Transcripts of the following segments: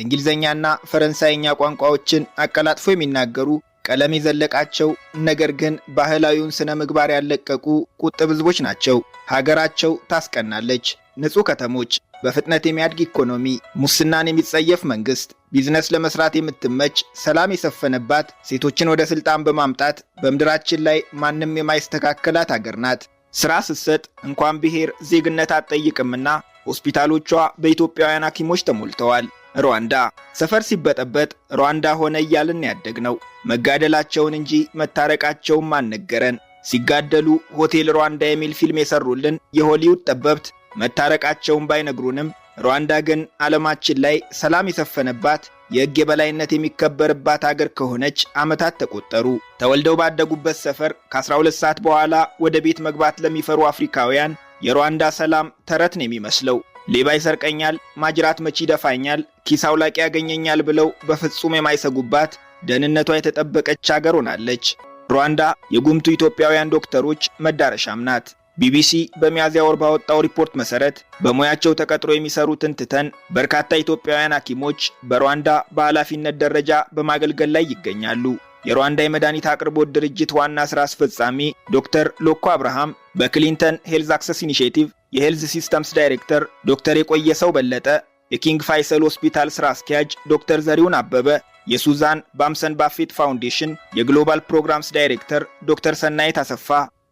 እንግሊዝኛና ፈረንሳይኛ ቋንቋዎችን አቀላጥፎ የሚናገሩ ቀለም የዘለቃቸው ነገር ግን ባህላዊውን ስነ ምግባር ያለቀቁ ቁጥብ ህዝቦች ናቸው። ሀገራቸው ታስቀናለች። ንጹህ ከተሞች፣ በፍጥነት የሚያድግ ኢኮኖሚ፣ ሙስናን የሚጸየፍ መንግስት፣ ቢዝነስ ለመስራት የምትመች፣ ሰላም የሰፈነባት፣ ሴቶችን ወደ ስልጣን በማምጣት በምድራችን ላይ ማንም የማይስተካከላት ሀገር ናት። ስራ ስትሰጥ እንኳን ብሔር ዜግነት አትጠይቅምና ሆስፒታሎቿ በኢትዮጵያውያን ሐኪሞች ተሞልተዋል። ሩዋንዳ ሰፈር ሲበጠበጥ ሩዋንዳ ሆነ እያልን ያደግነው መጋደላቸውን እንጂ መታረቃቸውም አልነገረን። ሲጋደሉ ሆቴል ሩዋንዳ የሚል ፊልም የሰሩልን የሆሊውድ ጠበብት መታረቃቸውን ባይነግሩንም ሩዋንዳ ግን ዓለማችን ላይ ሰላም የሰፈነባት የሕግ የበላይነት የሚከበርባት አገር ከሆነች ዓመታት ተቆጠሩ። ተወልደው ባደጉበት ሰፈር ከ12 ሰዓት በኋላ ወደ ቤት መግባት ለሚፈሩ አፍሪካውያን የሩዋንዳ ሰላም ተረት ነው የሚመስለው። ሌባ ይሰርቀኛል፣ ማጅራት መቺ ይደፋኛል፣ ኪስ አውላቂ ያገኘኛል ብለው በፍጹም የማይሰጉባት ደህንነቷ የተጠበቀች አገር ሆናለች። ሩዋንዳ የጉምቱ ኢትዮጵያውያን ዶክተሮች መዳረሻም ናት። ቢቢሲ በሚያዝያ ወር ባወጣው ሪፖርት መሰረት በሙያቸው ተቀጥሮ የሚሰሩትን ትተን በርካታ ኢትዮጵያውያን ሐኪሞች በሩዋንዳ በኃላፊነት ደረጃ በማገልገል ላይ ይገኛሉ። የሩዋንዳ የመድኃኒት አቅርቦት ድርጅት ዋና ስራ አስፈጻሚ ዶክተር ሎኮ አብርሃም፣ በክሊንተን ሄልዝ አክሰስ ኢኒሽቲቭ የሄልዝ ሲስተምስ ዳይሬክተር ዶክተር የቆየ ሰው በለጠ፣ የኪንግ ፋይሰል ሆስፒታል ስራ አስኪያጅ ዶክተር ዘሪውን አበበ፣ የሱዛን ባምሰን ባፌት ፋውንዴሽን የግሎባል ፕሮግራምስ ዳይሬክተር ዶክተር ሰናይት አሰፋ፣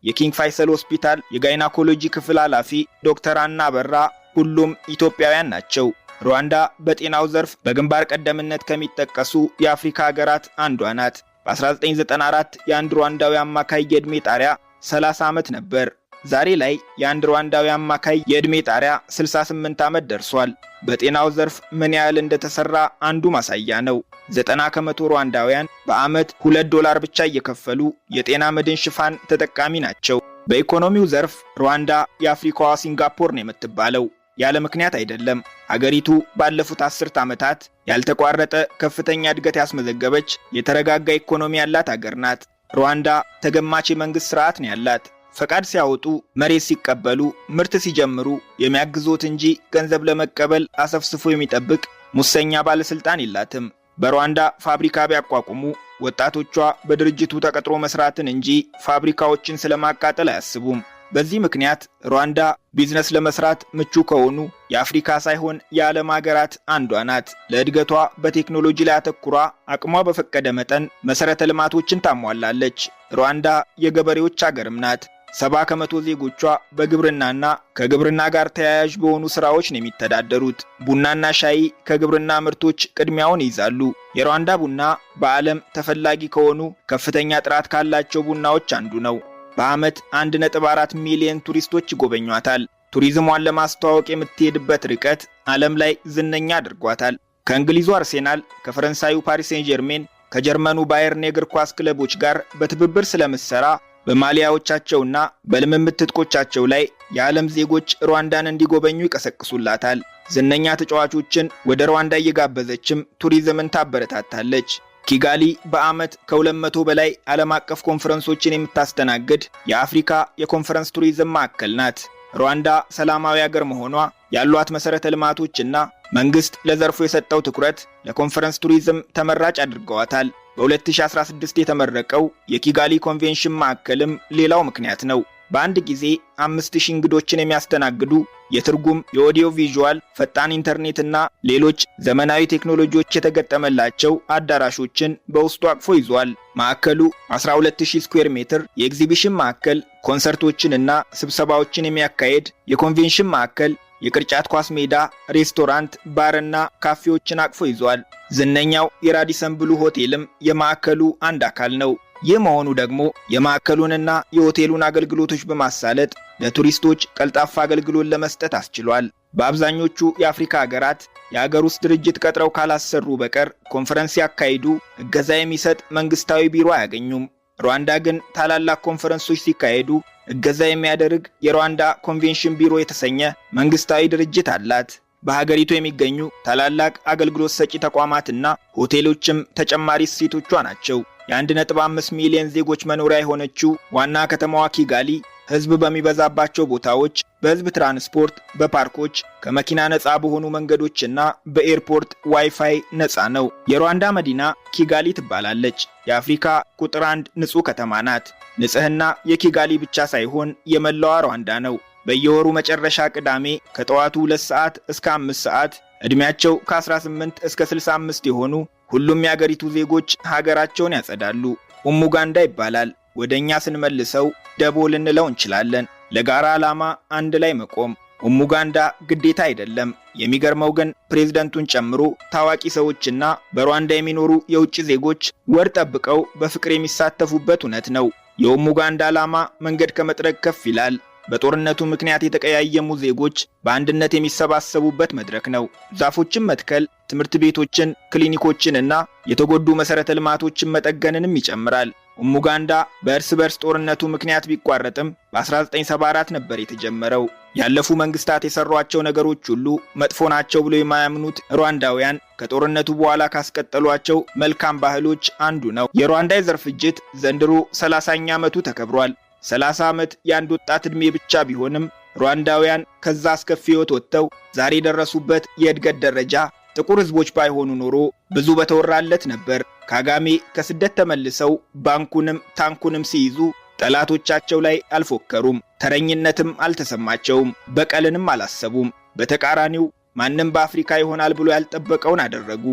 የኪንግ ፋይሰል ሆስፒታል የጋይናኮሎጂ ክፍል ኃላፊ ዶክተር አና አበራ ሁሉም ኢትዮጵያውያን ናቸው። ሩዋንዳ በጤናው ዘርፍ በግንባር ቀደምትነት ከሚጠቀሱ የአፍሪካ ሀገራት አንዷ ናት። በ1994 የአንድ ሩዋንዳዊ አማካይ የዕድሜ ጣሪያ 30 ዓመት ነበር። ዛሬ ላይ የአንድ ሩዋንዳዊ አማካይ የዕድሜ ጣሪያ 68 ዓመት ደርሷል። በጤናው ዘርፍ ምን ያህል እንደተሰራ አንዱ ማሳያ ነው። 90 ከመቶ ሩዋንዳውያን በዓመት 2 ዶላር ብቻ እየከፈሉ የጤና መድን ሽፋን ተጠቃሚ ናቸው። በኢኮኖሚው ዘርፍ ሩዋንዳ የአፍሪካዋ ሲንጋፖር ነው የምትባለው። ያለ ምክንያት አይደለም። አገሪቱ ባለፉት አስርት ዓመታት ያልተቋረጠ ከፍተኛ እድገት ያስመዘገበች የተረጋጋ ኢኮኖሚ ያላት አገር ናት። ሩዋንዳ ተገማች የመንግሥት ሥርዓት ነው ያላት። ፈቃድ ሲያወጡ፣ መሬት ሲቀበሉ፣ ምርት ሲጀምሩ የሚያግዞት እንጂ ገንዘብ ለመቀበል አሰፍስፎ የሚጠብቅ ሙሰኛ ባለሥልጣን የላትም። በሩዋንዳ ፋብሪካ ቢያቋቁሙ ወጣቶቿ በድርጅቱ ተቀጥሮ መስራትን እንጂ ፋብሪካዎችን ስለማቃጠል አያስቡም። በዚህ ምክንያት ሩዋንዳ ቢዝነስ ለመስራት ምቹ ከሆኑ የአፍሪካ ሳይሆን የዓለም ሀገራት አንዷ ናት። ለእድገቷ በቴክኖሎጂ ላይ አተኩሯ አቅሟ በፈቀደ መጠን መሠረተ ልማቶችን ታሟላለች። ሩዋንዳ የገበሬዎች አገርም ናት። ሰባ ከመቶ ዜጎቿ በግብርናና ከግብርና ጋር ተያያዥ በሆኑ ስራዎች ነው የሚተዳደሩት። ቡናና ሻይ ከግብርና ምርቶች ቅድሚያውን ይይዛሉ። የሩዋንዳ ቡና በዓለም ተፈላጊ ከሆኑ ከፍተኛ ጥራት ካላቸው ቡናዎች አንዱ ነው። በዓመት 1.4 ሚሊዮን ቱሪስቶች ይጎበኟታል። ቱሪዝሟን ለማስተዋወቅ የምትሄድበት ርቀት ዓለም ላይ ዝነኛ አድርጓታል። ከእንግሊዙ አርሴናል፣ ከፈረንሳዩ ፓሪስ ሴን ጀርሜን፣ ከጀርመኑ ባየርን የእግር ኳስ ክለቦች ጋር በትብብር ስለምትሰራ በማሊያዎቻቸውና በልምምድ ትጥቆቻቸው ላይ የዓለም ዜጎች ሩዋንዳን እንዲጎበኙ ይቀሰቅሱላታል። ዝነኛ ተጫዋቾችን ወደ ሩዋንዳ እየጋበዘችም ቱሪዝምን ታበረታታለች። ኪጋሊ በዓመት ከ200 በላይ ዓለም አቀፍ ኮንፈረንሶችን የምታስተናግድ የአፍሪካ የኮንፈረንስ ቱሪዝም ማዕከል ናት። ሩዋንዳ ሰላማዊ አገር መሆኗ ያሏት መሠረተ ልማቶችና መንግሥት ለዘርፉ የሰጠው ትኩረት ለኮንፈረንስ ቱሪዝም ተመራጭ አድርገዋታል። በ2016 የተመረቀው የኪጋሊ ኮንቬንሽን ማዕከልም ሌላው ምክንያት ነው። በአንድ ጊዜ አምስት ሺህ እንግዶችን የሚያስተናግዱ የትርጉም የኦዲዮ ቪዥዋል ፈጣን ኢንተርኔትና ሌሎች ዘመናዊ ቴክኖሎጂዎች የተገጠመላቸው አዳራሾችን በውስጡ አቅፎ ይዟል። ማዕከሉ 120 ስኩዌር ሜትር የኤግዚቢሽን ማዕከል፣ ኮንሰርቶችንና ስብሰባዎችን የሚያካሄድ የኮንቬንሽን ማዕከል፣ የቅርጫት ኳስ ሜዳ፣ ሬስቶራንት፣ ባርና ካፌዎችን አቅፎ ይዟል። ዝነኛው የራዲሰን ብሉ ሆቴልም የማዕከሉ አንድ አካል ነው። ይህ መሆኑ ደግሞ የማዕከሉንና የሆቴሉን አገልግሎቶች በማሳለጥ ለቱሪስቶች ቀልጣፋ አገልግሎት ለመስጠት አስችሏል። በአብዛኞቹ የአፍሪካ ሀገራት የአገር ውስጥ ድርጅት ቀጥረው ካላሰሩ በቀር ኮንፈረንስ ሲያካሂዱ እገዛ የሚሰጥ መንግስታዊ ቢሮ አያገኙም። ሩዋንዳ ግን ታላላቅ ኮንፈረንሶች ሲካሄዱ እገዛ የሚያደርግ የሩዋንዳ ኮንቬንሽን ቢሮ የተሰኘ መንግስታዊ ድርጅት አላት። በሀገሪቱ የሚገኙ ታላላቅ አገልግሎት ሰጪ ተቋማትና ሆቴሎችም ተጨማሪ እሴቶቿ ናቸው። የ1.5 ሚሊዮን ዜጎች መኖሪያ የሆነችው ዋና ከተማዋ ኪጋሊ ሕዝብ በሚበዛባቸው ቦታዎች በሕዝብ ትራንስፖርት፣ በፓርኮች፣ ከመኪና ነፃ በሆኑ መንገዶችና በኤርፖርት ዋይፋይ ነፃ ነው። የሩዋንዳ መዲና ኪጋሊ ትባላለች። የአፍሪካ ቁጥር አንድ ንጹሕ ከተማ ናት። ንጽሕና የኪጋሊ ብቻ ሳይሆን የመላዋ ሩዋንዳ ነው። በየወሩ መጨረሻ ቅዳሜ ከጠዋቱ 2 ሰዓት እስከ 5 ሰዓት ዕድሜያቸው ከ18 እስከ 65 የሆኑ ሁሉም የአገሪቱ ዜጎች ሀገራቸውን ያጸዳሉ። ኡሙጋንዳ ይባላል። ወደ እኛ ስንመልሰው ደቦ ልንለው እንችላለን። ለጋራ ዓላማ አንድ ላይ መቆም ኡሙጋንዳ ግዴታ አይደለም። የሚገርመው ግን ፕሬዝደንቱን ጨምሮ ታዋቂ ሰዎችና በሩዋንዳ የሚኖሩ የውጭ ዜጎች ወር ጠብቀው በፍቅር የሚሳተፉበት እውነት ነው። የኡሙጋንዳ ዓላማ መንገድ ከመጥረግ ከፍ ይላል። በጦርነቱ ምክንያት የተቀያየሙ ዜጎች በአንድነት የሚሰባሰቡበት መድረክ ነው። ዛፎችን መትከል ትምህርት ቤቶችን፣ ክሊኒኮችንና የተጎዱ መሠረተ ልማቶችን መጠገንንም ይጨምራል። ኡሙጋንዳ በእርስ በርስ ጦርነቱ ምክንያት ቢቋረጥም በ1974 ነበር የተጀመረው። ያለፉ መንግስታት የሰሯቸው ነገሮች ሁሉ መጥፎ ናቸው ብሎ የማያምኑት ሩዋንዳውያን ከጦርነቱ በኋላ ካስቀጠሏቸው መልካም ባህሎች አንዱ ነው። የሩዋንዳ የዘር ፍጅት ዘንድሮ 30ኛ ዓመቱ ተከብሯል። ሰላሳ ዓመት የአንድ ወጣት ዕድሜ ብቻ ቢሆንም ሩዋንዳውያን ከዛ አስከፊ ሕይወት ወጥተው ዛሬ የደረሱበት የእድገት ደረጃ ጥቁር ሕዝቦች ባይሆኑ ኖሮ ብዙ በተወራለት ነበር። ካጋሜ ከስደት ተመልሰው ባንኩንም ታንኩንም ሲይዙ ጠላቶቻቸው ላይ አልፎከሩም፣ ተረኝነትም አልተሰማቸውም፣ በቀልንም አላሰቡም። በተቃራኒው ማንም በአፍሪካ ይሆናል ብሎ ያልጠበቀውን አደረጉ።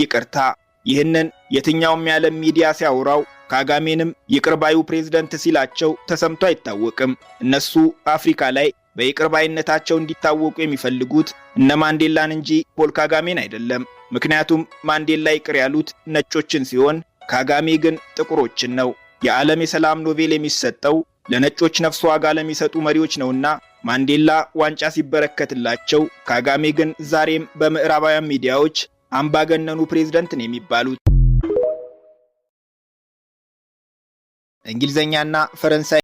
ይቅርታ፣ ይህንን የትኛውም የዓለም ሚዲያ ሲያወራው ካጋሜንም ይቅርባዩ ፕሬዝደንት ሲላቸው ተሰምቶ አይታወቅም። እነሱ አፍሪካ ላይ በይቅርባይነታቸው እንዲታወቁ የሚፈልጉት እነ ማንዴላን እንጂ ፖል ካጋሜን አይደለም። ምክንያቱም ማንዴላ ይቅር ያሉት ነጮችን ሲሆን ካጋሜ ግን ጥቁሮችን ነው። የዓለም የሰላም ኖቤል የሚሰጠው ለነጮች ነፍስ ዋጋ ለሚሰጡ መሪዎች ነውና ማንዴላ ዋንጫ ሲበረከትላቸው፣ ካጋሜ ግን ዛሬም በምዕራባውያን ሚዲያዎች አምባገነኑ ፕሬዝደንት ነው የሚባሉት። እንግሊዝኛና ፈረንሳይ